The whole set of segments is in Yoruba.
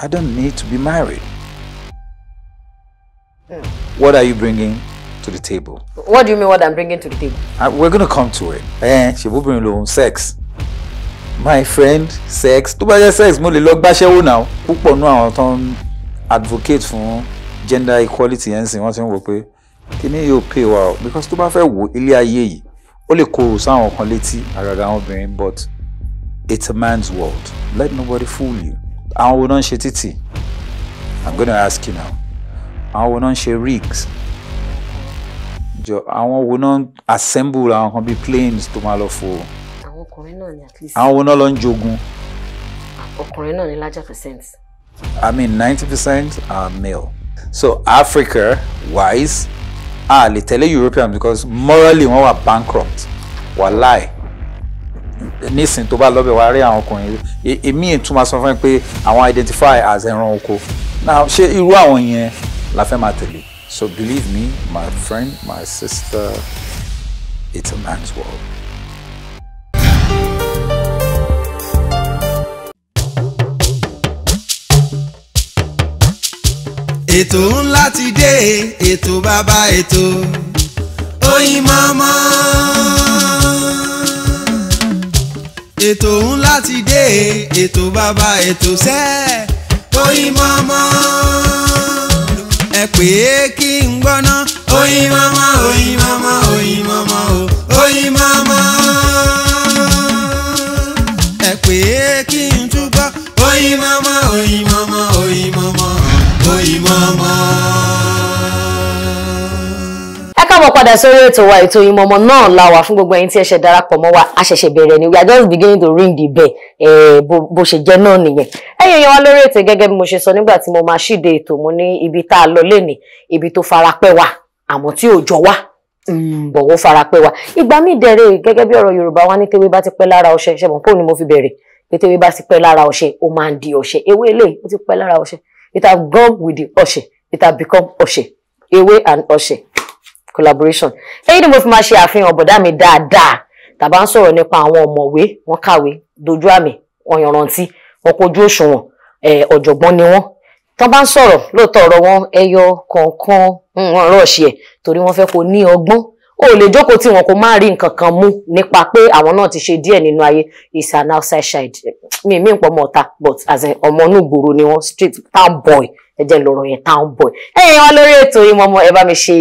I don't need to be married. Mm. What are you bringing to the table? What do you mean what I'm bringing to the table? Uh, we're going to come to it. Eh, she will bring loan sex. My friend, sex. Tó bá jẹ́ sex mo lè lọ gbáṣẹ́wó náà. Púpọ̀ nú àwọn tó advocate for gender equality and sìn What ti ń to pé kíní yóò pay well? because tó bá fẹ́ wo ilé ayé yìí ó lè kó sáwọn kan létí àgàgà but it's a man's world let nobody fool you àwọn wo náà ń ṣe títì i'm gonna ask you now àwọn wo náà ń ṣe rigs jọ àwọn wo náà ń assemble àwọn kan bíi planes tó máa lọ fò. àwọn ọkùnrin náà ni at least. àwọn wo náà lọ ń jogun. ọkùnrin náà ni larger percent. i mean ninety percent are male so Africa wise a lè tẹ̀lé European because morally wọ́n wà bankrupt wàláì nísìn tó bá lọ́bẹ̀ wá rí àwọn ọkùnrin e, èmi ìtún máa sọ fún mi pé àwọn identify as ẹran oko now ṣé irú àwọn yẹn la fẹ́ máa tẹ̀lé so believe me my friend my sister it's a man's world. ètò ńlá ti dé ètò bàbá ètò Oyinmomo ètò ńlá ti dé ètò bàbá ètò sẹ́ oyin mọ́mọ́ ẹ pè é kí n gbọ́ná oyin mọ́mọ́ oyin mọ́mọ́ oyin mọ́mọ́ o oyin mọ́mọ́ ẹ pè é kí n túbọ̀ oyin mọ́mọ́ oyin mọ́mọ́ oyin mọ́mọ́ oyin mọ́mọ́ káàbọ̀ padà sórí ètò wa ètò Oyinmomo náà la wà fún gbogbo ẹ̀yin tí ẹ darapọ̀ mọ́ wa a bẹ̀rẹ̀ ni we are just beginning to ring the bell eh, bó ṣe jẹ́ náà nìyẹn ẹ̀yin èèyàn wa lórí ètò gẹ́gẹ́ bí mo ṣe sọ nígbà tí mo máa ṣíde ètò mo ní ibi tá a lọ lénìí ibi tó farapẹ́ wa àmọ́ tí ò jọ wá mm. bọ̀wọ́ farapẹ́ wa ìgbà míì dẹ̀rẹ̀ gẹ́gẹ́ bí ọ̀rọ̀ Yorùbá wa ní tewé bá ti pẹ́ lára ọṣẹ ṣe mọ̀ fóònù mo fi bẹ̀rẹ̀ pé tewé bá ti pẹ́ lára ọṣẹ ó máa ń di it have gone with the ọṣẹ it have become ọṣẹ ewé and ọṣẹ collaboration èyí ni mo fi máa ṣe àfihàn bọ̀dá mi dáadáa tàbá ń sọ̀rọ̀ nípa àwọn ọ̀mọ̀wé wọn kàwé dojú àmì wọn yanrantí wọn kojú òṣùwọ̀n ọ̀jọ̀gbọ́n ni wọ́n tán bá ń sọ̀rọ̀ lóòótọ́ ọ̀rọ̀ wọn ẹyọ kọ̀ọ̀kan hmm, wọn rọ̀ ṣe ẹ̀ torí wọ́n fẹ́ kó ní ọgbọ́n o lè jókòó tí wọn kò má rí nǹkan kan mú nípa pé àwọn náà ti ṣe díẹ̀ nínú ayé is an outside child mi mi pọ̀ mọ́ ọ̀tá but as a ọmọ inú ìgboro ni wọ́n street town boy ẹ jẹ́ lọ́rọ̀ yẹn town boy ẹ̀yin wá lórí ètò yìí mọ́mọ́ ẹ bá mi ṣe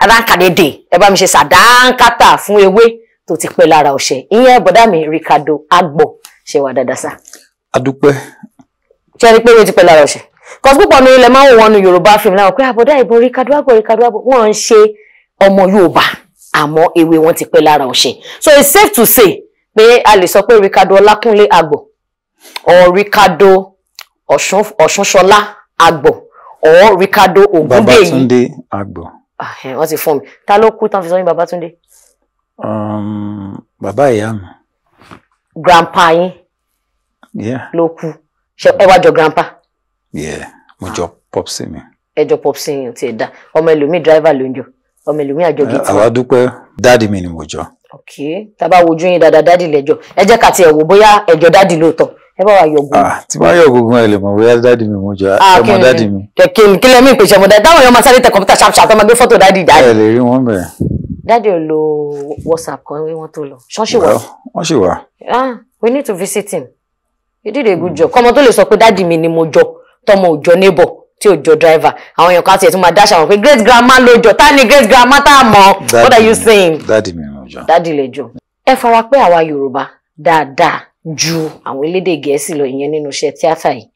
ránkàdédè ẹ bá mi ṣe sàdánkátà fún ewé tó ti pẹ́ lára ọṣẹ ìyẹn bọ̀dá mi Ricardo Agbo ṣe wà dáadáa sá. adúpẹ́. ṣe rí pé ewé ti pẹ́ lára ọṣẹ kọsí púpọ̀ mi ilẹ̀ máa ń wọnú yorùbá fíìmù náà pé àbọ̀dá ah, ìbò Ricardo Agbo Ricardo Agbo wọ́n ń ṣe ọmọ yorùbá àmọ́ ewé wọn ti pẹ́ lára ọṣẹ so it's safe to say pé a lè sọ pé Ricardo Ọlákúnlé Agbo or Ricardo Ọ̀ṣunṣọlá Agbo or Ricardo Ogundeyi. Babatunde Agbo. Wọ́n ti fún mi. Ta ló kú tán fi sọ yín Babatunde? Um, bàbá ìyá mi. Grandpa yín. Yeah. Ló kú. Ṣé ẹ wá jọ grandpa? Yeah, mo jọ popsi mi. Ẹ jọ popsi yín ti da. dá. Ọmọ driver ló ń jọ. Ọmọ ẹlòmíì àjọ gidi. Àwa dúpẹ́ dáàdì mi ni mo jọ. Ok, tá a bá wojú yín dáadáa dáàdì lẹ́jọ́. Ẹ jẹ́ ká tiẹ̀ wò bóyá ẹ̀jọ̀ dáàdì lóòótọ́ ẹ bá wa yọ̀gùn. Ah, tí wọ́n yọ̀gùn ẹ lè mọ̀ bóyá dáàdì mi mo jọ ah, ah, ọmọ dáàdì mi. kèké kí lẹ́mí ìpèsè ọmọ dáàdì táwọn èèyàn máa sáré tẹ kọ̀ǹpútà ṣàpṣà tó máa gbé fọ́tò dáàdì jáde. ẹ lè rí wọn bẹ̀rẹ̀. dáàdì ò lo whatsapp kan wí wọn tó lọ ṣọ́ọ̀ṣì wà. wọ́n ṣì wà. ah we need to visit him you did a good job kọ́mọ tó lè sọ pé dáàdì mi ni mo jọ tọmọ òjọ neighbor tí ò driver àwọn èèyàn kan ti ẹ̀ tún máa dáṣà wọn pé great grandma ló jọ ta ni great grandma tá a mọ̀ what are you saying. dáàdì mi mo jọ. dáàdì lè jọ. ẹ fara pé àwa yorùbá dáadáa ju àwọn elédè gẹ̀ẹ́sì lọ ìyẹn nínú iṣẹ́ tíátà yìí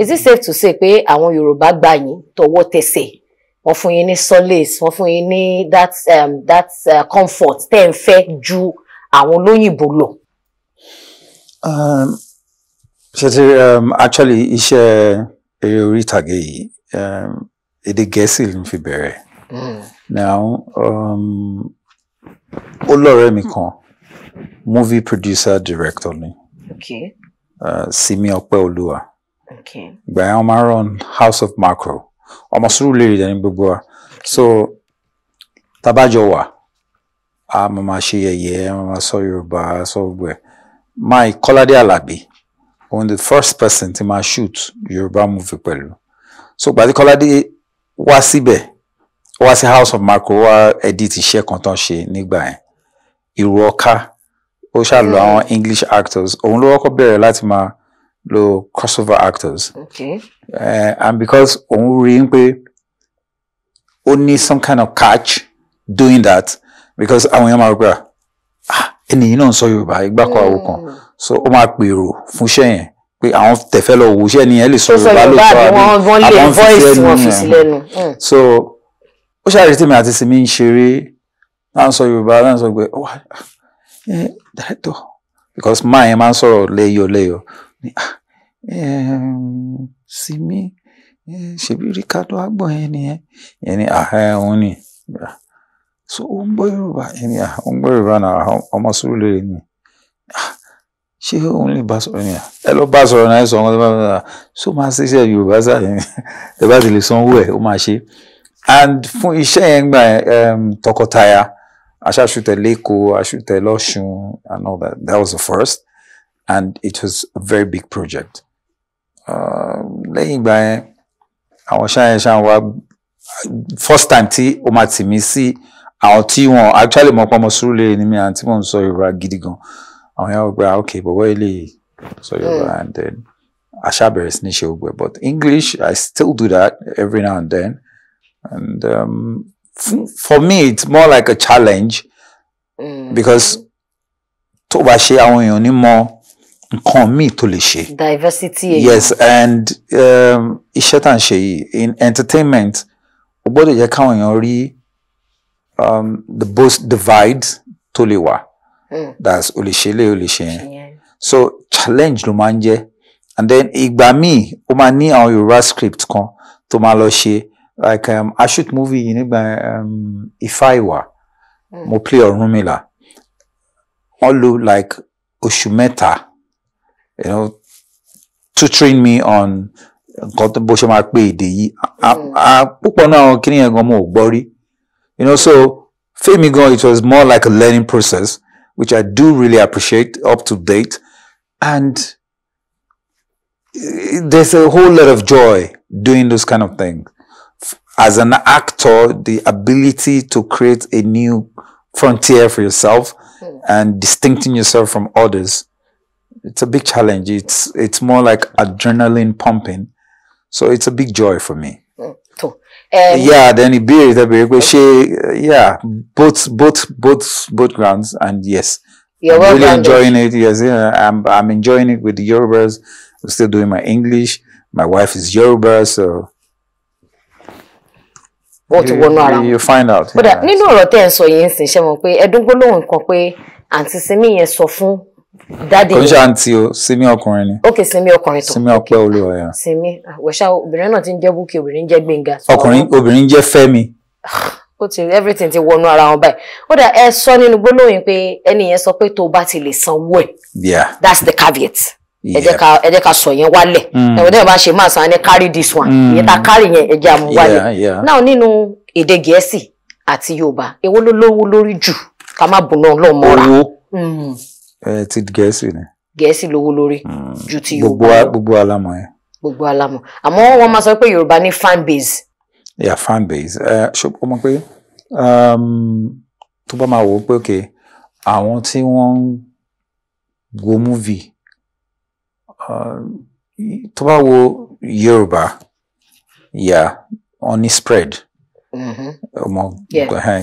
is it mm-hmm. safe to say pé àwọn yorùbá gbà yín tọwọ́ tẹsẹ̀ wọ́n fún yín ní solace wọ́n fún yín ní that um, that uh, comfort tẹ́ ń fẹ́ ju àwọn olóyìnbó lọ. Um, ṣe um, actually iṣẹ́ eré orí ìtàgé yìí um, èdè gẹ̀ẹ́sì ló fi bẹ̀rẹ̀ mm. now ó lọ́rẹ́ mi kan movie producer director ni. Okay. Eh, Simi Ọpẹ́olúwa. Okay. Ìgbà yẹn wọ́n máa ń run House of Macro. Ọmọ Sùúrùlérè dẹ̀ ní gbogbo wa. So tabajọ wa. a máa máa ṣe yẹ̀yẹ́ máa máa sọ Yorùbá sọ gbogbo ẹ̀. Mike Kọ́ládé Àlàbí òun the first person to máa shoot Yorùbá movie pẹ̀lú. So gbàdí Kọ́ládé wá síbẹ̀ wá sí House of Macro wá edit iṣẹ́ kan tán ṣe nígbà yẹn. Ìrù ọ̀ka ó ṣáà mm-hmm. àwọn english actors òun ló kọ́kọ́ bẹ̀rẹ̀ láti máa lo crossover actors okay. uh, and because òun rí i pé ó ní some kind of catch doing that because àwọn èèyàn máa gbà ah ènìyàn náà ń sọ yorùbá ìgbàkọ̀ àwọn kan mm. so ó máa pèrò fún iṣẹ́ yẹn pé àwọn tẹ̀fẹ́ lọ wò iṣẹ́ nìyẹn lè sọ yorùbá lóòótọ́ àbí àwọn fi fẹ́ nìyẹn mm. so ó ṣàrètí mi àti sinmi ń ṣeré náà ń sọ yorùbá náà ń sọ director because máa yẹn máa ń sọ̀rọ̀ lẹ́yọ̀ lẹ́yọ̀ ni ah, eh, Simi eh, ṣebí Ricardo agbọ̀ yẹn nìyẹn yẹn ni ah, eh, òun ni so ó ń gbọ́ Yorùbá yẹn ni ah, ó ń gbọ́ Yorùbá náà ọmọ Surulere ni ṣé òun lè bá sọ̀rọ̀ ni ẹ lọ bá sọ̀rọ̀ náà ẹ sọ wọn bá bá so máa ṣe iṣẹ́ Yorùbá sáyẹn ẹ bá ti lè sanwó ẹ̀ ó máa ṣe and fún iṣẹ́ yẹn gbà tọkọtaya. Ashashute Leko, Ashute Loshun, and all that. That was the first. And it was a very big project. Um, lẹ́yìn ìgbà yẹn, àwọn ṣáyẹn ṣáà first time tí ó máa tì mí sí actually mọ̀ pọ́nmọ́ Surulere ni mí àwọn tí wọ́n gidigon. sọ Yorùbá gidi gan. Àwọn yẹn wọ́n gba ah, ok bọ̀wọ́ eléyìí hmm. and then àṣà bẹ̀rẹ̀ sí ní but English I still do that every now and then and um, for me it's more like a challenge mm. because tó bá ṣe àwọn èèyàn ní mọ nǹkan míì tó lè ṣe. diversity èèyàn. yes and um, iṣẹ́ tá à ṣe yìí in entertainment o gbọ́dọ̀ jẹ́ káwọn èèyàn rí um, the both divide tó lè wà mm. that's o lè ṣe so challenge ló máa ń jẹ and then ìgbà míì ó máa ní àwọn Yorùbá script kan tó máa lọ ṣe like um, shoot movie you know, um, Ifáìwà mo play all wọ́n like Oshumeta, you know, to train me on nǹkan tó bó ṣe máa pé èdè yìí mm. púpọ̀ náà you know so Femi it was more like a learning process which I do really appreciate up to date and eh, there's a whole lot of joy doing those kind of things as an actor the ability to create a new frontier for yourself hmm. and distincting yourself from others. It's a big challenge. It's it's more like adrenaline pumping. So it's a big joy for me. Hmm. um, yeah, then be tẹ́ béèrè pé ṣé yeah both both both both grounds and yes. You're I'm well really enjoying it. Yes, yeah, I'm I'm enjoying it with the Yorubas. I'm still doing my English. My wife is Yoruba, so wọ́n ti wọnú ara wọn. kódà uh, nínú ọ̀rọ̀ tẹ́ ẹ̀ sọ yìí ń sìn ṣe mọ̀ pé ẹ̀dùn gbólóhùn kan pé àǹtí sinmi yẹn sọ fún dáàdì yẹn. kò ń ṣe àǹtí o sinmi ọkùnrin ni. ok sinmi ọkùnrin tó sinmi ọpẹ olúwa yẹn. sinmi ah, wẹ̀ṣà obìnrin náà ti ń jẹ́ búkì obìnrin jẹ́ gbẹ̀ngà. ọkùnrin obìnrin jẹ́ fẹ́mi. ó ti everything ti wọnú ara wọn báyìí kódà ẹ sọ nínú gbólóhùn pé ẹni yẹn sọ pé tó yeah that's the caveat ẹ jẹ́ ká ẹ jẹ́ ká sọ yẹn wálẹ̀ mm. ẹ̀wọ̀n tẹ́wọ̀n bá ṣe máa san ni carry this one mm. ìyẹn ta carry yẹn ẹ jẹ́ àmú wálẹ̀ náà nínú èdè gẹ̀ẹ́sì àti yorùbá èwo ló lówó lórí jù ká má bùnà ọlọ́mọra. owó mm. ẹ ti gẹ̀ẹ́sì ni. gẹ̀ẹ́sì lówó lórí ju ti yorùbá lọ gbogbo alamọ yẹn. gbogbo alamọ àmọ́ wọ́n máa sọ pé yorùbá ní fan base. yà fan base ẹ ṣùgbọ́n mo pé um, tó bá máa wò ó pé àwọn tí wọ́n ń wo movie tó bá wo Yorùbá yà wọn ní spread mm-hmm. ọmọ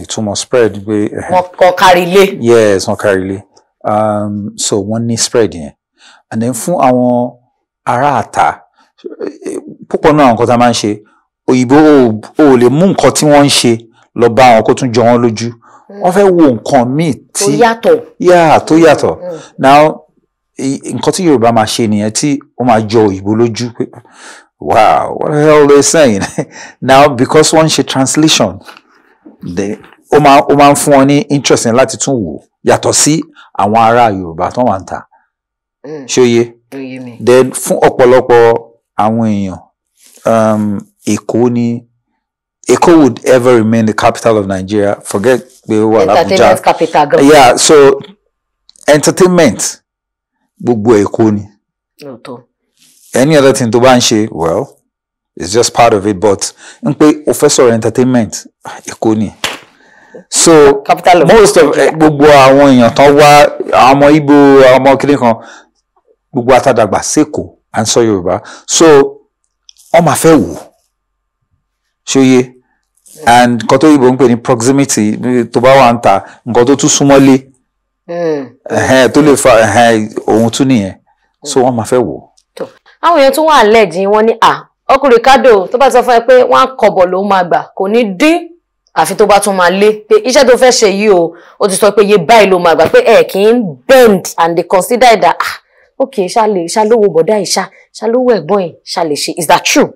ìtumọ̀ spread gbé. wọn kárí ilé. yes wọn kárí ilé um, so wọn ní spread yẹn and then fún àwọn ará àta púpọ̀ náà nǹkan tá a máa ń ṣe òyìnbó ò lè mú nǹkan tí wọ́n ń ṣe lọ bá wọn kó tún jọ wọn lójú wọ́n fẹ́ wo nǹkan míì tí yeah tó yàtọ̀ mm-hmm. now nǹkan tí Yorùbá máa ṣe nìyẹn tí ó máa jọ òyìnbó lójú pé wow what the hell they saying now because wọ́n ń ṣe translation ó máa ó máa ń fún wọn ní interest yẹn láti tún wò yàtọ̀ sí àwọn ará Yorùbá tó wà ń ta mm. ṣóye then fún ọ̀pọ̀lọpọ̀ àwọn èèyàn um, Èkó ni Èkó would ever remain the capital of Nigeria forget pé ó wà l'Abuja entertainment capital gan. yeah so entertainment gbogbo ẹ̀ kó ni. any other thing tó bá ń ṣe well it's just part of it but n pé o fẹ́ sọ̀rọ̀ entertainment èkó ni so most of gbogbo àwọn èèyàn tán wá àwọn ọmọ Ìgbò àwọn ọmọ kìnìún kan gbogbo atadàgbà sẹ́kọ̀ọ́ à ń sọ Yorùbá so wọ́n máa fẹ́ wò ṣóyè and nǹkan tó yìnbọn ń pè ní proximity tó bá wà ń ta nǹkan tó tún súnmọ́lé Eh. tó lè fa ohun tún nìyẹn so wọ́n máa fẹ́ wò. àwọn èèyàn tún wà lẹ́ẹ̀dín wọ́n ní à ọkùnrin kádò tó bá sọ fún ẹ pé wọ́n á kọ̀bọ̀ ló máa gbà kò ní dín àfi tó bá tún máa lé pé iṣẹ́ tó fẹ́ ṣe yìí o ó ti sọ pé iye báyìí ló máa gbà pé ẹ kì í bend and they consider it that ah ok ṣàlè ṣàlówó bọ̀dá ìṣá ṣàlówó ẹ̀gbọ́n ẹ̀ ṣàlè ṣe is that true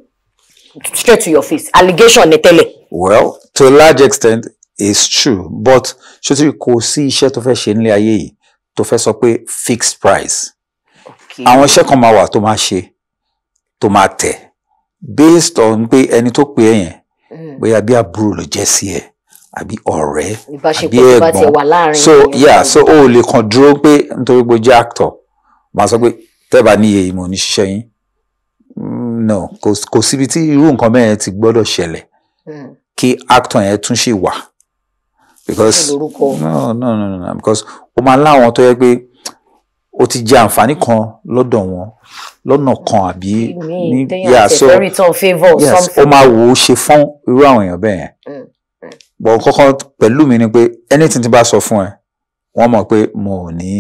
straight to your face allegation ni tẹ́lẹ̀. well to a large extent is true but ṣé tí kò sí iṣẹ́ tó fẹ́ ṣe nílé ayé yìí tó fẹ́ sọ pé fixed price àwọn iṣẹ́ kan máa wà tó máa ṣe tó máa tẹ̀ based on pé ẹni tó pè é yẹn mm. bóyá bí àbúrò ló jẹ́ sí ẹ àbí ọ̀rẹ́ àbí ẹ̀gbọ́n so yeah so o lè kàn dúró pé nítorí pé o jẹ́ actor máa sọ pé tẹ́ẹ̀bà ní iye ìmọ̀ oníṣiṣẹ́ yín mm, no kò síbi tí irú nǹkan bẹ́ẹ̀ ti gbọ́dọ̀ ṣẹlẹ̀ mm. kí actor yẹn tún ṣì wà because no no no no because o máa láwọn tó yẹ pé o ti jẹ àǹfààní kan lọ́dọ̀ wọn lọ́nà kan àbí ní yà so yes o máa wò ó ṣe fún irú àwọn èèyàn bẹ́ẹ̀ yẹn mm, mm. bọ̀ kọ́kọ́ pẹ̀lú mi ni pé anything tí bá sọ fún ẹ wọ́n mọ̀ pé mo ò ní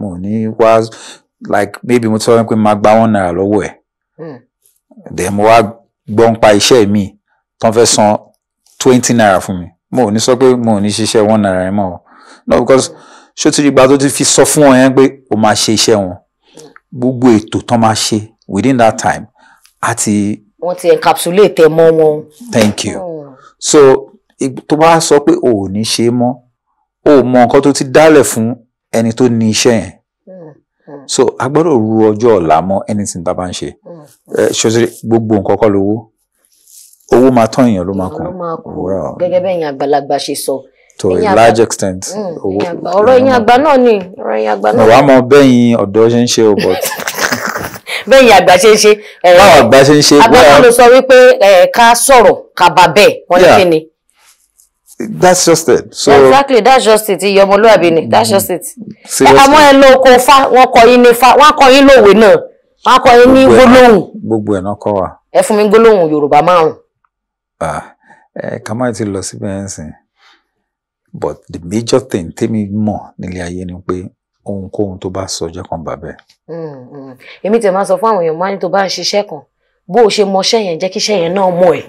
mo ò ní wá like maybe mo ti sọ pé máa gba one naira lọ́wọ́ ẹ̀ mm. then mo wá gbọ́ pa iṣẹ́ mi tó ń fẹ́ san twenty naira fún mi mo ò ní sọ pé mo ò ní ṣiṣẹ́ one naira yẹn mọ́ o no because ṣó ti di gba tó ti fi sọ fún wọn yẹn pé o máa ṣe iṣẹ́ wọn gbogbo ètò tán máa ṣe within that time àti. wọ́n ti encapsulate ẹ mọ́ wọn. thank you hmm. so tó bá sọ pé o ò ní ṣe mọ́ o ò mọ nǹkan tó ti dálẹ̀ fún ẹni tó ní iṣẹ́ yẹn hmm. Hmm. so a gbọ́dọ̀ ru ọjọ́ ọ̀la mọ́ anything tá a bá ń ṣe eh, ṣòṣèré gbogbo nǹkan kọ́ lówó owó máa tán èèyàn ló máa kù gẹ́gẹ́ bẹ́ẹ̀ yẹn àgbàlagbà ṣe sọ. to a large extent. Mm, ọ̀rọ̀ ẹ̀yìn àgbà náà ni ọ̀rọ̀ ẹ̀yìn àgbà náà. wàá mọ bẹ́yìn ọ̀dọ́ ṣe ń ṣe o but. bẹ́yìn àgbà ṣe ń ṣe. báwọn àgbà ṣe ń ṣe. agbára ló sọ wípé ká sọ̀rọ̀ ká bà bẹ́ẹ̀ wọ́n ní kí ni. That's just it. So exactly that's just it. Iye ọmọlúwàbí ni that's just it. Àmọ́ ẹ lọ oko fa wọ́n kọ yín ní fa wọ́n kọ yín lòwe náà wọ́n kọ yín ní gbólóhùn. Gbogbo ẹ̀ náà kọ́ wa. Ẹ fún mi gbólóhùn Yorùbá márùn-ún ah ẹ ká ti lọ síbẹ̀ ẹ̀ sìn but the major thing tèmi mọ̀ nílé ayé ni pé ohunkóhun tó bá sọ jẹ́ kan bàbẹ́. Mm-hmm. èmi tẹ̀ máa sọ fún àwọn èèyàn máa ní tó bá ń ṣiṣẹ́ kan bó o ṣe mọṣẹ́ yẹn jẹ́ kíṣẹ́ yẹn náà mọ̀ ẹ́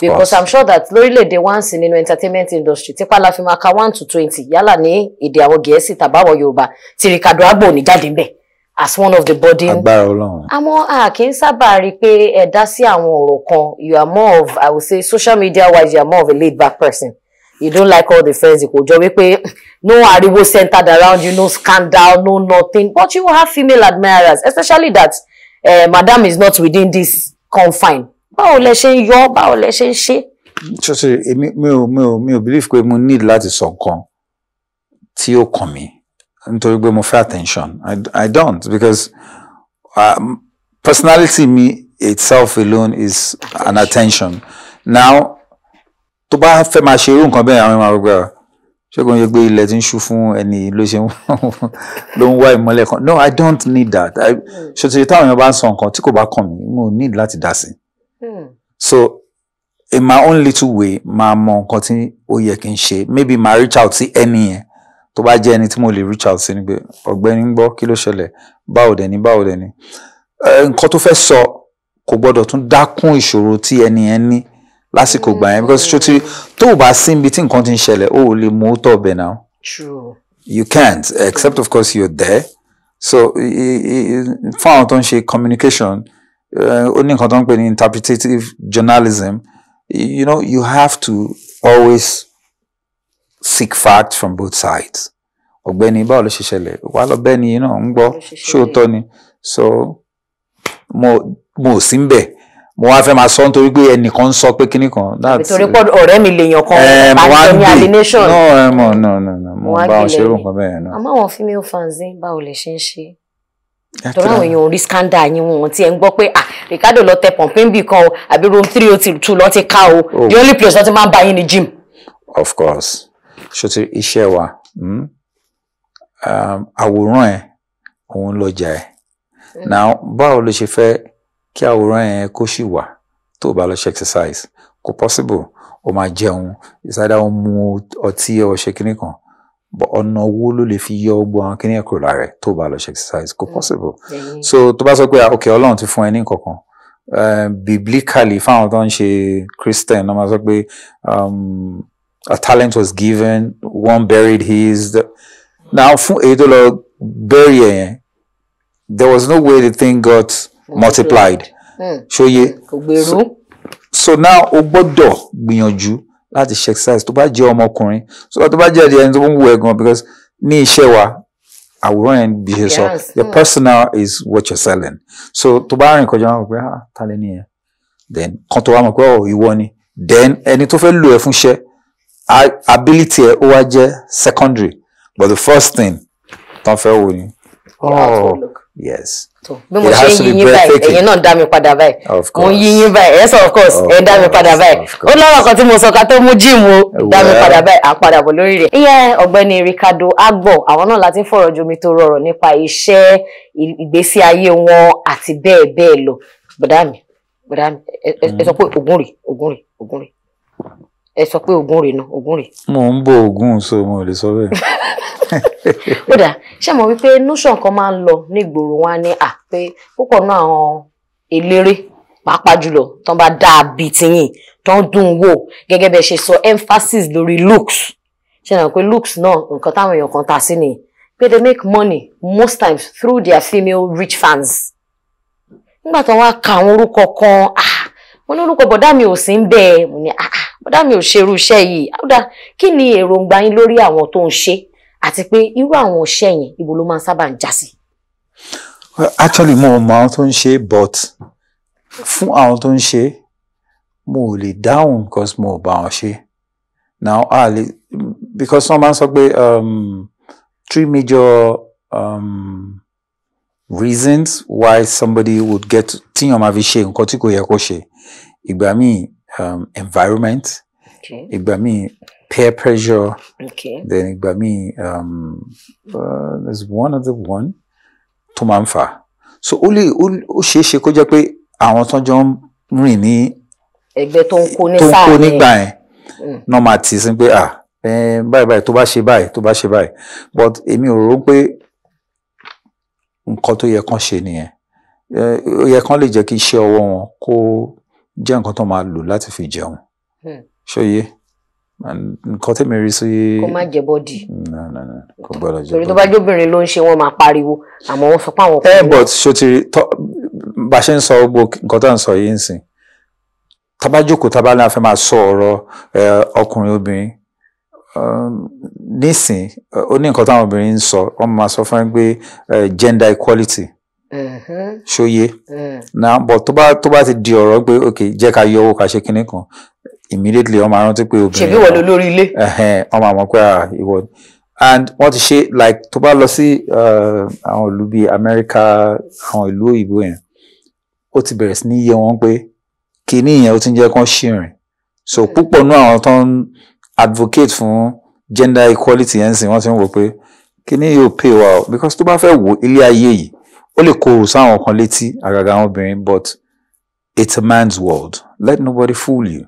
because i'm sure that lórílẹ̀‐èdè wa ń sìn nínú entertainment industry tipa la fi máa ka one to twenty yálà ní èdè àwọn gẹ̀ẹ́sì tàbáwọ̀ yorùbá tìrìkàdọ́ àgbò ò ní jáde bẹ́ẹ̀ as one of the body. agbára Ọlọ́run. àmọ́ a kì í sábà rí i pé ẹ dá kan you are more of i would say social media wise you are more of a laid back person you don't like all the friends kò jọ wípé no ariwo centered around you no scandal no nothing but you have female admirers especially that uh, madam is not within this confine báwo lẹ ṣe ń yọ báwo lẹ ṣe ń ṣe. ṣọṣe mi ò mi ò believe pé mo need láti sọ nǹkan tí ó kàn mí nítorí pé mo fẹ́ attention I, I don't because um, personality me itself alone is an attention now tó bá fẹ́ máa ṣe irú nǹkan bẹ́ẹ̀ àwọn èèyàn àrùgbà ṣẹ́gun yẹ pé ilẹ̀ ti ń ṣú fún ẹni ló ṣe ló ń wá ìmọ́lẹ̀ kan no I don't need that ṣètò táwọn èèyàn bá ń sọ nǹkan tí kò bá kàn mí mo need láti dá sí hmm. so in my own little way máa mọ nǹkan tí ó yẹ kí n ṣe maybe my reach out sí ẹni yẹn tó bá jẹ́ ẹni tí mo lè reach out sí ni pé ọ̀gbẹ́ni ń gbọ́ kí ló ṣẹlẹ̀ báwo dẹ̀ ni báwo dẹ̀ ni nǹkan tó fẹ́ sọ kò gbọ́dọ̀ tún dákún ìṣòro tí ẹni yẹn ní lásìkò gbà yẹn because ṣó ti tó o bá sí ibi tí nǹkan ti ń ṣẹlẹ̀ o ò lè mú tọ̀ bẹ̀ náà you can't except of course you're there so fún àwọn tó ń ṣe communication eh, ó ní nǹkan tó ń pè ní interpretative journalism you know you have to always seek facts from both sides ọ̀gbẹ́ni báwo ló ṣe ṣẹlẹ̀ wà lọ́bẹ́ni náà ń gbọ́ ṣóòótọ́ ni so mo mo ò sí ń bẹ̀ mo wá fẹ́ máa sọ nítorí pé ẹnìkan ń sọ pé kinní kan. nítorí pé ọ̀rẹ́ mi lèèyàn kan pàṣẹ eh, ní alienation. no no eh, no no no mo bá wọn ṣe irú nǹkan bẹ́ẹ̀ náà. àmọ́ àwọn female fans ní báwo lè ṣe ń ṣe torí àwọn èèyàn orí scandal yín wọn tí ẹ ń gbọ́ pé ah Ricardo lọ tẹ pọ̀npín bì kan o àbí room three o ti two lọ ti ká o oh. the only place wọ́n ti máa ń bá yín ni gym. of course ṣòtí iṣẹ́ wa hmm? ehm, àwòrán ẹ̀ òun lọ́jà ẹ̀ hmm. now báwo ló ṣe fẹ́ kí àwòrán ẹ̀ kó sì wà tó bá lọ ṣe exercise kò possible o máa jẹun ìsáyédá o mu ọtí ẹ ọṣẹ kínní kan ọ̀nà owó ló lè fi yọ gbogbo àwọn kínní ẹ̀ kúrò lára tó bá lọ ṣe exercise kò hmm. possible so tó bá sọ pé ah, ok ọlọ́run ti fún ẹ ní nǹkan kan ehm, biblically fáwọn tó ń ṣe christian wọ́n máa sọ pé. Um, a talent was given one buried his now fún èyí tó lọ there was no way the thing got multiplied hmm. ṣóyé so, so now Obodo gbọ́dọ̀ gbìyànjú láti ṣe exercise tó bá jẹ́ ọmọkùnrin so that tó bá jẹ́ ẹdí ẹni tó ń wù ẹ́ because ni shewa, I will run bí ṣe sọ hmm. your personal is what you're selling so to buy and kọjá wọn pé ah then kan tó wà mọ̀ pé oh, then ẹni tó fẹ́ lò ẹ́ ability ẹ ó wá jẹ́ secondary but the first thing tán fẹ́ wò ni. Oh. yes. bí mo ṣe ń yí yín báyìí ẹ̀yin náà dá mi padà báyìí mo ń yí yín báyìí yes of course ẹ dá mi padà báyìí ó lọ́rọ̀ kan tí mo sọ ká tó mú jíìmù o dá mi padà báyìí à lórí rẹ̀. ìyẹn ọ̀gbẹ́ni Ricardo Agbo àwọn náà láti fọ̀rọ̀ jomi tó rọrọ̀ nípa iṣẹ́ ìgbésí ayé wọn àti bẹ́ẹ̀ bẹ́ẹ̀ lọ bọ̀dá mi bọ̀dá mi ẹ sọ pé ògùn rè ògùn rè ògùn rè ẹ sọ pé ogun rè nu ogun rè. mo ń bo ogun so mo lè sọ bẹ́ẹ̀. ó dà ṣé mo wípé notion kan máa ń lọ ní ìgboro wọn á ní à pé púpọ̀ náà àwọn eléré pàápàá jùlọ tó ń bá dáa bíi tiyín tó ń dùn wò gẹ́gẹ́ bẹ́ẹ̀ ṣe sọ emphasis lórí looks ṣe náà pé looks náà nǹkan táwọn èèyàn kan ta sí nìyí pé they make money most times through their female rich fans nígbà tó wá ka àwọn orúkọ kan ah mo ní orúkọ mi ò sí ń bẹ̀ ẹ́ mo ní ah, ah mi ò ṣe irú yìí áwùdá ah, kí ni èròǹgbà yín lórí àwọn tó ń ṣe àti pé irú àwọn iṣẹ́ yẹn ibo ló máa ń sábà ń já sí. actually mo mọ àwọn tó ń ṣe but fún àwọn tó ń ṣe mo ò lè dáhùn because mo ò bá wọn ṣe now ali because wọ́n máa ń sọ pé um, three major um, reasons why somebody would get tíyàn máa fi ṣe nǹkan tí kò yẹ kó ṣe ìgbà míì um, environment ìgbà okay. míì peer pressure okay. then ìgbà mi um, uh, there's one other one tó máa ń fà so ó lè ó ṣeé ṣe kó jẹ́ pé àwọn tó jọ ń rìn ní ẹgbẹ́ tó ń kó ní sáà ní nígbà yẹn hmm. náà máa tì sí pé ah eh, báyìí báyìí tó bá ṣe báyìí tó bá ṣe báyìí but èmi ò rò pé nǹkan tó yẹ kán ṣe nìyẹn ó yẹ kán lè jẹ́ kí iṣẹ́ ọwọ́ wọn kó jẹ́ nǹkan tó máa lò láti fi jẹun hmm. ṣóyè nǹkan tèmi rí sí. kó má jẹ bọ́dì. kò gbọ́dọ̀ jẹ bọ́dì. torí tó bá jóbìnrin ló ń ṣe wọ́n máa pariwo àmọ́ wọ́n sọ pé àwọn. ẹ eh, but ṣó ti rí bá a ṣe ń sọ gbogbo nǹkan tá ń sọ yìí ń sìn tá bá jókòó máa sọ ọ̀rọ̀ eh, ọkùnrin obìnrin Ehm, nísìn ó ní nǹkan táwọn obìnrin ń sọ wọ́n máa sọ fún ẹ pé eh, gender equality ṣóyé na but tó bá tó bá ti di ọ̀rọ̀ pé ok jẹ́ ká yọ owó ká ṣe kinní kan immediately wọ́n máa rántí pé obìnrin ṣèbí wọ́n lọ lórí ilé wọ́n máa mọ̀ pé ah, ìwọ and wọ́n ti ṣe like tó bá lọ sí eh, àwọn ìlú bíi Amẹ́ríkà àwọn ìlú òyìnbó yẹn ó ti bẹ̀rẹ̀ sí ní yé wọn pé kinní yẹn ó ti ń jẹ́ kán ṣìrìn so púpọ̀ nú àwọn tó ń advocate fún gender equality yẹn sìn wọ́n ti ń wò pé kíní yóò pay wa o because tó bá fẹ́ wò ilé ayé yìí ó lè korò sáwọn kan létí àgàgà àwọn obìnrin but it's a man's world let nobody fool you.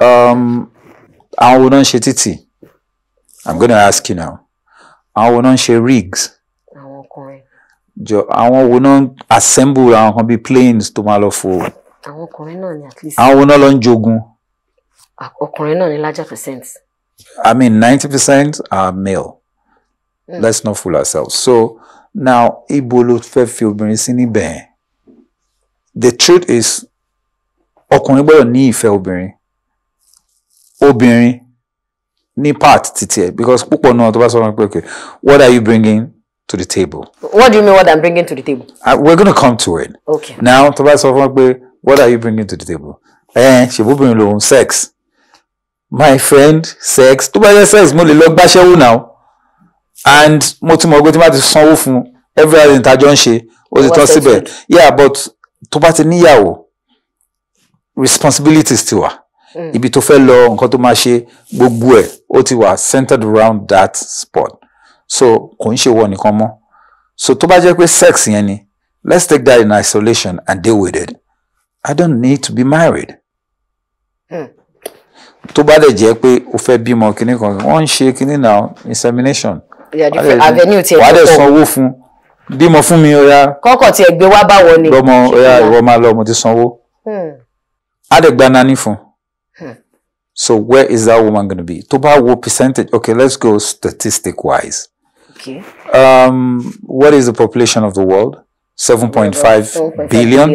Um, àwọn wo náà ń ṣe títì i'm gonna ask you now àwọn wo náà ń ṣe rigs jọ àwọn wo náà assemble àwọn kan bíi planes tó máa lọ fò àwọn wo náà lọ ń jogun ọkùnrin náà ní larger percent. I mean ninety percent are male. Mm. Let's not fool ourselves. So now ibo ló fẹ́ fi obìnrin sí níbẹ̀ The truth is ọkùnrin gbọ́dọ̀ ní ìfẹ́ obìnrin. Obìnrin ní part títí ẹ̀ because púpọ̀ náà tó bá sọ̀rọ̀ pé okay what are you bringing to the table? What do you mean what I'm bringing to the table? Uh, we're gonna come to it. Okay. Now tó bá sọ fún wọn pé what are you bringing to the table? Ẹ ṣèbóbìnrin lòun sex my friend sex tó bá yẹ sex mo lè lọ gbáṣẹ́wò náà and mo ti mọ̀ pé tí wọ́n ti sanwó fún every other thing tájọ́ ń ṣe ó ti tán síbẹ̀ yeah but tó bá ti níyàwó responsibilities ti wà mm. ibi tó fẹ́ lọ nǹkan tó máa ṣe gbogbo ẹ̀ ó ti wà centered around that spot so kò ń ṣe wọ nìkan mọ́ so tó bá jẹ́ pé sex yẹn ni let's take that in isolation and deal with it i don't need to be married. Hmm tó bá dẹ̀ jẹ́ pé o fẹ́ bímọ kinní kan wọ́n ń ṣe kinní now insemination wà á dẹ̀ sanwó fún bímọ fún mi ọ̀ya kọ́kọ́ tiẹ̀ gbé wá báwo ni lọ́mọ ọ̀ya ìwọ máa lọ mo ti sanwó á hmm. dẹ̀ gba nání fún hmm. so where is that woman gonna be tó bá wo percentage okay let's go statistic wise okay. um, what is the population of the world seven point five billion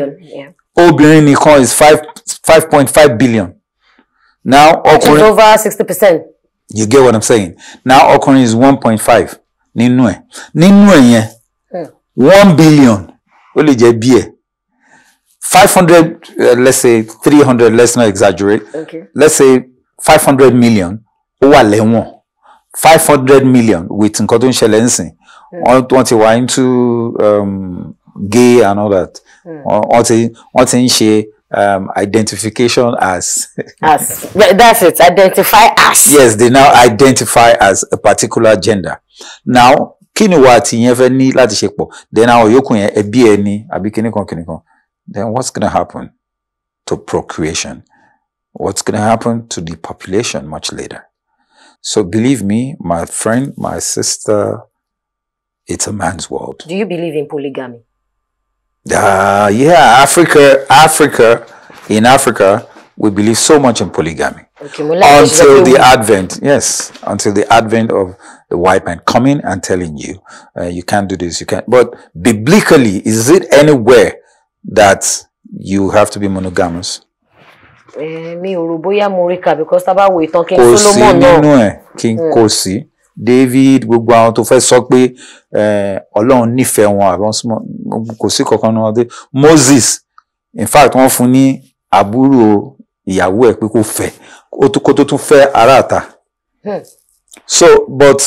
obìnrin nìkan is five five point five billion now ọkùnrin which is over sixty percent. you get what i'm saying now ọkùnrin is one point five nínú ẹ̀ nínú ẹ̀ yẹn hmm. one billion ó lè jẹ́ bí ẹ̀ five hundred uh, let's say three hundred let's not exaggerate okay. let's say five hundred million ó wà lẹ́wọ̀n five hundred million with nǹkan tó ń ṣẹlẹ̀ ń sìn hmm. wọ́n ti wà into um, gay and all that hmm. wọ́n ti ń ṣe um, identification as. as that's it. Identify as. Yes, they now identify as a particular gender. Now, kini ni wà tí yẹn fẹ́ ní láti Then àwọn yoku yẹn ẹbí ẹ ní àbí kíní kan kíní Then what's going to happen to procreation? What's going to happen to the population much later? So believe me, my friend, my sister, it's a man's world. Do you believe in polygamy? Uh, yeah, Africa, Africa, in Africa, we believe so much in polygamy. Okay, until the advent, yes, until the advent of the white man coming and telling you, uh, you can't do this, you can't. But biblically, is it anywhere that you have to be monogamous? Eh, mi ò rò because tá a bá wo King Solomon King kò hmm. David gbogbo àwọn tó fẹ́ sọ pé eh, Ọlọ́run nífẹ̀ẹ́ wọn àwọn kò sí kankan ní wọn dé Moses in fact wọ́n fún ní àbúrò ìyàwó ẹ̀ pé kó fẹ́ kó tó tún fẹ́ aráàta hmm. so but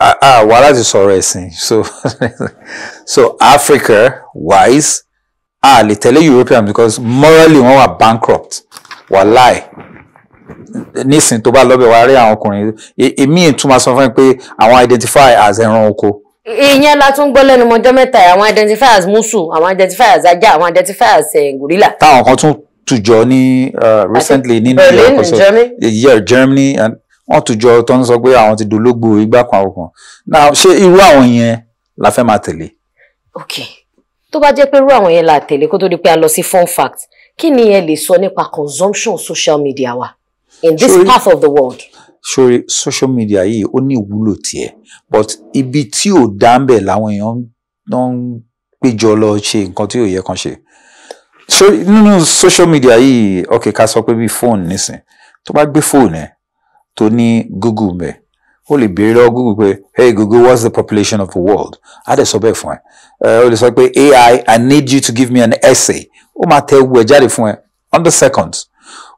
àwa láti sọ̀rọ̀ ẹ̀sìn so so Africa wise a lè tẹ̀lé European because morally wọ́n wà bankrupt wàláì nísìnyí tó bá lọ́bẹ̀ wá rí àwọn ọkùnrin èmi e, e, ìtumọ̀ sọ fún mi pé àwọn identify as ẹran oko ìyẹn la tún gbọ́ lẹ́nu mọ́jọ́ mẹ́ta àwọn identifiers musu àwọn identifiers ajá àwọn identifiers eh, gorilla. táwọn kan tún tùjọ ní uh, recently ní new york also yeah germany and wọ́n tùjọ tó ń sọ pé àwọn ti dológbò igbá kan àwọn kan now ṣé irú àwọn yẹn la fẹ́ máa tẹ̀lé. ok tó bá jẹ́ pé irú àwọn yẹn la tẹ̀lé kó tó di pé a lọ sí fun fact kí ni ẹ lè sọ nípa consumption social media wa in this part of the world sórí social media yìí ó ní ìwúlò tiẹ̀ but ibi tí ò dá ń bẹ̀ làwọn èèyàn náà ń péjọ lọ ṣe nǹkan tí ò yẹ kan ṣe so nínú social media yìí ok ká sọ pé bíi fóònù nísìn tó bá gbé fóònù ẹ tó ní Google mẹ o lè béèrè lọ Google pé hey Google what's the population of the world á dẹ̀ sọ bẹ́ẹ̀ fún ẹ o lè sọ pé AI I need you to give me an essay ó máa tẹ ewu ẹ jáde fún ẹ under seconds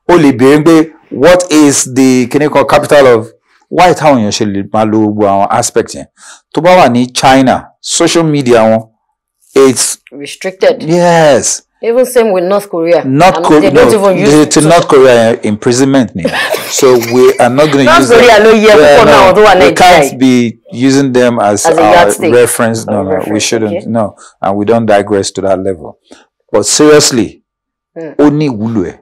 o lè béèrè pé what is the kini kan capital of why táwọn èèyàn ṣe lè máa lo gbogbo àwọn aspect yẹn tó bá wà ní China social media wọn it's restricted yes even same with North Korea North Korea they no, even use they, to North Korea imprisonment ni so we are not going to use Korea them North Korea ló yẹ púpọ̀ náà ọdún wà Nàìjíríà we can't be using them as, as our reference no no we shouldn't okay. no and we don't digress to that level but seriously hmm. ó ní ìwúlò ẹ̀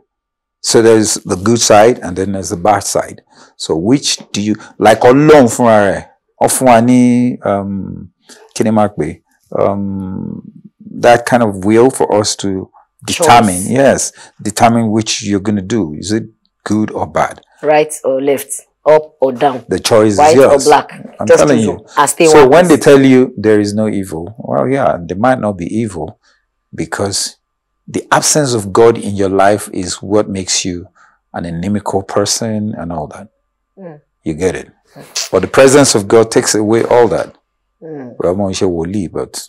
So there's the good side and then there's the bad side. So which do you like Ọlọ́run fúnra rẹ̀ of any um, ni ki um, that kind of will for us to determine Choice. yes determine which you're going to do is it good or bad right or left up or down the choice white is yours or black i'm Just telling you so when they tell you there is no evil well yeah they might not be evil because the absence of God in your life is what makes you an inimical person and all that. Mm. You get it. Mm. But the presence of God takes away all that. Mm. but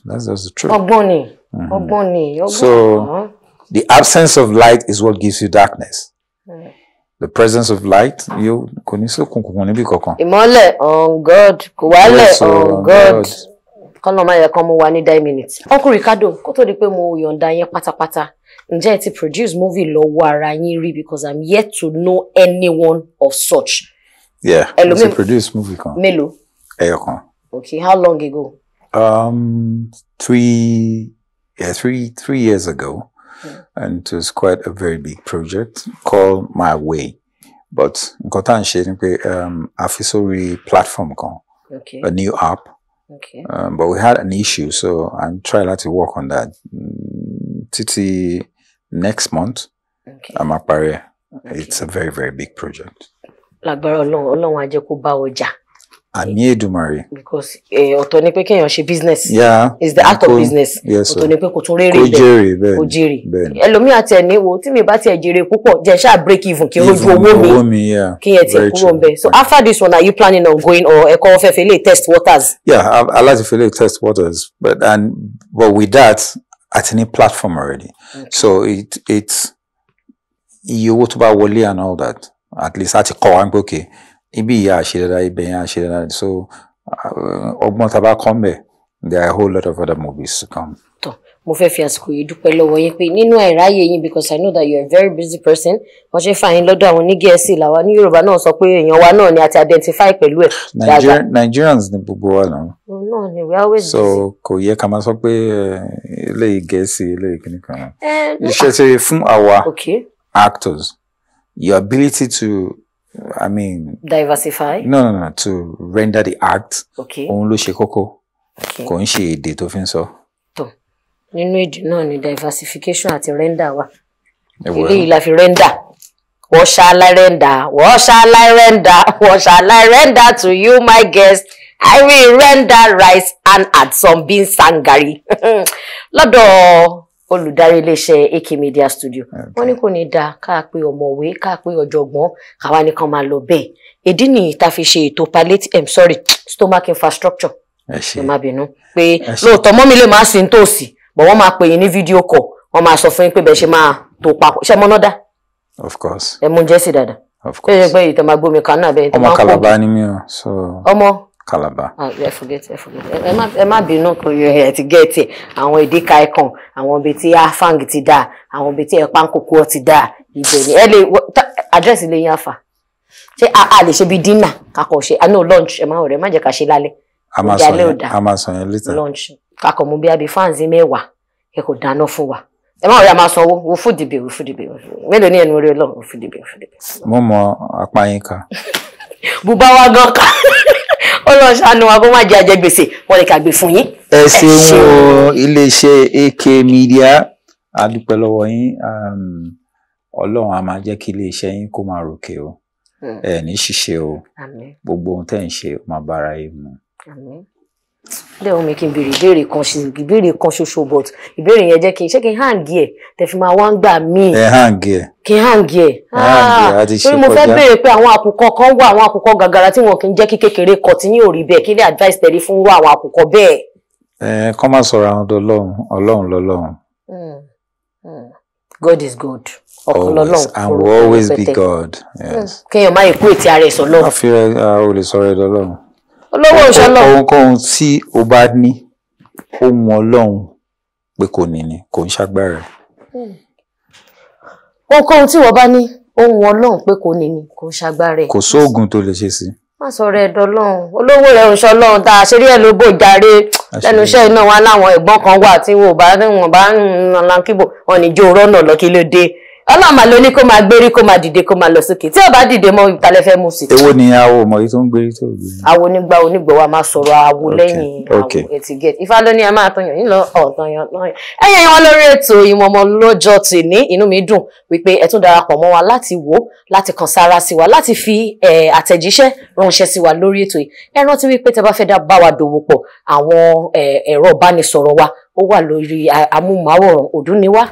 that's just the truth. Ogboni. Mm -hmm. Ogboni. Ogboni. So, the absence of light is what gives you darkness. Hmm. The presence of light, you Oh God, oh, oh God. kọ́ náà yẹ kán mú wa ní die minute. uncle Ricardo kó tó di pé mo yọ̀ǹda yẹn pátápátá ǹjẹ́ ẹ ti produce movie lọ́wọ́ ara yín rí because i'm yet to know anyone of such. yeah mo ti produce movie kan. mélòó. ẹyọ kan. okay how long ago. um three yeah three three years ago. Mm. and it was quite a very big project called My Way. But nǹkan tá à ń ṣe ni pé um, a fi sórí platform kan, okay. a new app Okay. Um, but we had an issue, so I'm trying to work on that. Mm, titi next month, okay. I'm up okay. It's a very, very big project. àmì mm. èdùmàrè. because eh, ọ̀tọ̀ ni pé kéèyàn ṣe business. yeah it's the act of business. yes ọ̀tọ̀ ni pé kò tún rere bẹ́ẹ̀ kò jèrè bẹ́ẹ̀ kò jèrè bẹ́ẹ̀. ẹlòmíà tẹ̀ ní wo tí mi bá tiẹ̀ jèrè púpọ̀ jẹ́ ṣáà break even kí n rojú owó mi kí n yẹn ti kúrò ń so after this one are you planning on going or ẹ̀kọ́ fẹ́ fi lè test waters. yeah i like to fi lè test waters but and but with that at any platform already okay. so it it iye owó tó bá wọlé and all that at least a ti kọ́ wa ń gbókè. Okay ibi yìí àṣe dáadáa ibẹ̀ yẹn àṣe dáadáa so ọgbọ́n tá a bá kọ́ mbẹ̀ there are a whole lot of other movies to come. tọ mo fẹ́ fi àsìkò yìí dúpẹ́ lọ́wọ́ yín pé nínú àìráyè yín because I know that you are a very busy person wọ́n ṣe fà yín lọ́dọ̀ àwọn ní Gẹ̀ẹ́sì làwa ní Yorùbá náà sọ pé èèyàn wa náà ni a ti identify pẹ̀lú ẹ̀. Nigerians ni gbogbo wa náà. òun náà ni we always busy. so kò yẹ ká máa sọ pé eh, eléyìí Gẹ̀ẹ́sì eléyìí kìnnìkan. Eh, iṣẹ́ ṣe fún àwa actors your ability to I mean. Diversify. No, no, no, to render the act. Okay. Òun ló ṣe kókó. Okay. Kò ń ṣe èdè tó fi ń sọ. Tọ̀ nínú èdè náà ni diversification àti render wà. Eléyìí la fi render. What shall I render? What shall I render? What shall I render to you, my guest? I will render rice and add some beans and garri. Lọ́dọ̀ olùdarí iléeṣẹ́ AK Media Studio wọ́n ní kò ní da ká pé ọ̀mọ̀wé ká pé ọ̀jọ̀gbọ́n àwa nìkan máa lọ bẹ́ẹ̀ ìdí nìyí tá fi ṣe ètò palliative sorry stomach infrastructure ẹ má bínú pé lóòótọ́ mọ́mi lè má sí nítòsí bọ̀ wọ́n máa pè yín ní fídíò kọ̀ wọ́n máa sọ fún yín pé bẹ́ẹ̀ ṣe máa tó papọ̀ ṣe mọ́nà dá. of course. ẹ mú jẹ́ sí dáadáa. of course. ṣé ẹ gbẹ́ ìtàn máa gbómi kan náà bẹ́ẹ̀. ọmọ Calabar ni mí o so. ọmọ Calabar. Oh, yeah, forget it, forget it. Emma má ẹ má bínú kan yóò ẹ ti get it. Àwọn èdè ka ẹ̀kan, àwọn ibi tí Afang ti dà, àwọn ibi tí ẹ̀pá kòkó ti dà, ibẹ̀ ni. Ẹ lè àdírẹ́sì lè yín àfà. Ṣé a lè ṣe bí dínà kakọ̀ ṣe? Àná lunch ẹ̀ máa ọ̀rẹ́ má jẹ́ ká ṣe lálẹ́. A máa sọ yẹn later. Lunch kakọ̀ mú bí abi fáǹsì mẹ́wàá ẹ kò dáná fún wa. Ẹ má ọ̀rẹ́ a máa sanwó, wo fúdì bè, wo fúdì bè, mélòó ní ẹnu orí ọlọ́run, wo fúdì bè, wo fúdì bè. Mo mọ apá yín Ọlọ́run ṣàánú wa jẹ àjẹ gbèsè wọn lè kà fún yín. ẹ ṣeun o iléeṣẹ́ AK Media a dúpẹ́ lọ́wọ́ yín Ọlọ́run a máa jẹ́ kí iléeṣẹ́ yín kó máa ròkè o hmm. ẹ ní ṣiṣẹ́ o gbogbo ohun tẹ́ ń ṣe máa bára yín mu dẹ́ omi kí n béèrè ìbéèrè kan ìbéèrè kan ṣoṣo but ìbéèrè yẹn jẹ́ kí n ṣé hang ẹ̀ tẹ̀fí máa wá ń gbà míì. ẹ hang ẹ̀. kí n hang ẹ̀. Ah, torí mo fẹ́ béèrè pé àwọn àkùkọ kan wà àwọn àkùkọ gàgàrà tí wọn kì í jẹ́ kí kékeré kọ tí yóò rí bẹ́ẹ̀ kí lè advice tẹ̀lé fún wá àwọn àkùkọ bẹ́ẹ̀. ẹ kọ́ máa sọ̀rọ̀ àwọn ọlọ́run ọlọ́run lọ́lọ́run. Hmm, hmm. God is good. Always, I will always be God. Hmm, Kéèyàn má yẹ kú ètí ara ẹ̀ sọ lọ́run. àfi ẹ ò lè sọ̀rọ̀ ẹ̀ lọ́lọ́run olówó ìṣọlọ. ohunkóhun tí o bá ní ohun ọlọ́run pé kò ní ni kò ń ṣàgbára. Hmm. ohunkóhun tí wọ́n bá ní ohun ọlọ́run pé kò ní ni kò ń ṣàgbára. kò sóògùn tó lè ṣe sí i má sọ̀rọ̀ ẹ̀dọ̀ lọ́hùn olówó rẹ̀ ń ṣọlọ́hùn tá a ṣeré ẹ̀ ló bò jàre lẹ́nu iṣẹ́ iná wa láwọn ẹ̀gbọ́n kan wà tí wọn bá ń lan kíbò wọn ní jó rọ́nà lọ ọlọ́run mà ló ní kó máa gbérí kó máa dìde kó máa lọ sókè tí ò bá dìde mọ́ ìtàlẹ́ fẹ́ mú sí. èwo ni awo mọ èyí tó ń gbérí tó gbé. awo nígbà onígbọ̀wá máa sọ̀rọ̀ awo lẹ́yìn awo etí gẹ̀ẹ́tì ifá ló ní ẹ máa tọyàn yín lọ ọ̀tàn yàn náà ẹ̀yẹ yẹn wọn lórí ètò ìmọ̀ ọmọ lọ́jọ́ tèmi inú mi dùn wípé ẹ tún darapọ̀ mọ́ wa láti wò láti kàn sára sí wa láti fi àtẹ̀jíṣẹ́ ránṣẹ́ sí wa lórí ètò yìí ó wà lórí amúmáwòrán òdúnniwá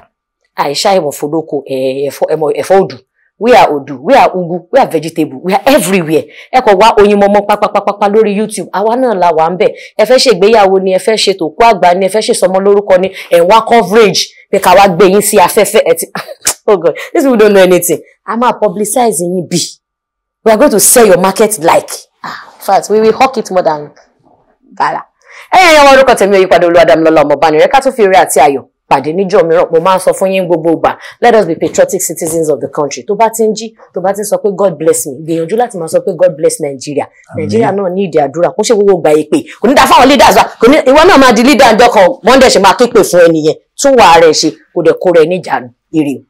Aisha Emofodoko, Ẹ̀fọ́ Odu. We are Odu, we are Ugu, we are vegetable, we are everywhere. Ẹ kàn wá oyin mọ́mọ́ pápápápá lórí YouTube. Àwa náà la wà ń bẹ̀. Ẹ fẹ́ ṣe ìgbéyàwó ni, ẹ fẹ́ ṣe tòkú àgbà ni, ẹ fẹ́ ṣe sọmọ lórúkọ ni, ẹ̀ ń wá coverage pé ká wá gbé yín sí afẹ́fẹ́ ẹ̀ ti. Oh God, these people don't know anything. A máa publicize yín bì. We are going to sell your market like. Ah, in fact, we will hawk it more than gala. Ẹ̀yin ẹ̀yàn wọn orúkọ tèmi Oyípadà Olúwadámilọ́lá ọmọ Bánirẹ́ ká tún fi eré àti ayọ̀ pàdé níjọ́ mìíràn mo máa ń sọ fún yín gbogbo ìgbà let us be patriotic citizens of the country tó bá ti ń jí tó bá ti ń sọ pé God bless me gbìyànjú láti máa sọ pé God bless Nigeria Nigeria náà ní ìdí àdúrà kó ṣe gbogbo ìgbà yìí pé kò ní dá fáwọn leaders wa kò ní ìwọ náà máa di leader ǹjọ́ kan wọ́n dẹ̀ ṣe máa tó pè fún ẹnìyẹn tún wàá rẹ̀ ṣe kò dẹ̀ kó rẹ̀ níjànú ire